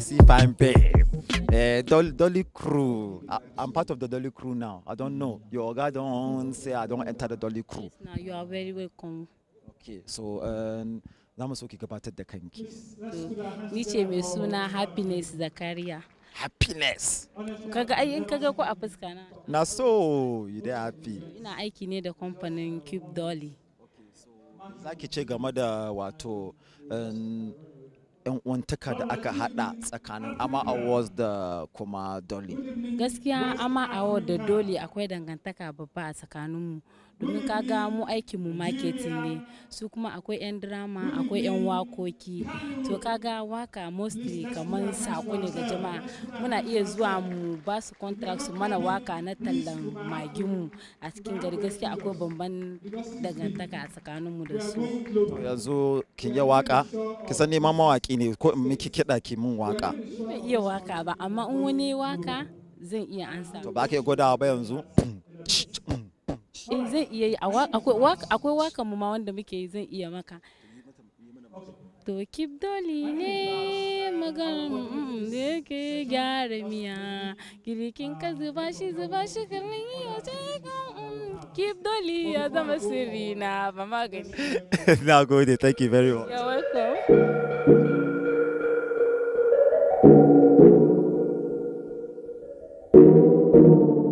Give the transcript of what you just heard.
see fine babe. Uh, Dolly, Dolly crew. I, I'm part of the Dolly crew now. I don't know. Your guy don't say I don't enter the Dolly crew. Yes, now you are very welcome. Okay, so um, za mu so about the da kanki. Ni ce mai suna Happiness Zakariya. Happiness. Kaga ayen kaga ko a fuska na. so you dey happy. Ina aiki ne da company Cube Dolly. Za ki ce game da wato 'yan um, uwantaka da aka hada tsakanin ama awards da kuma dolly gaskiya ama awards da dolly akwai dangantaka babba a tsakaninmu domin kaga mu aikin mu marketing ne su kuma akwai 'yan drama akwai 'yan wakoki to kaga waka mostly kamar sako ne ga jama'a muna iya zuwa mu ba su contract su mana waka na tallan maginmu a cikin gari gaskiya akwai bamban dangantaka a tsakaninmu da su yanzu kin yi waka kisan neman mawaki ne ko in miki kiɗa ki mun waka ban iya waka ba amma in wani waka zan iya ansa to ba ka gwadawa ba yanzu in eh, zan iya yi akwai waka mu ma wanda muke yi zan iya maka to Kip doli ne magan mm, da yake gyara miya girkin ka zuba shi zuba shi kirin yi a Kip doli ya zama sirri na ba magani na gode thank you very much thank you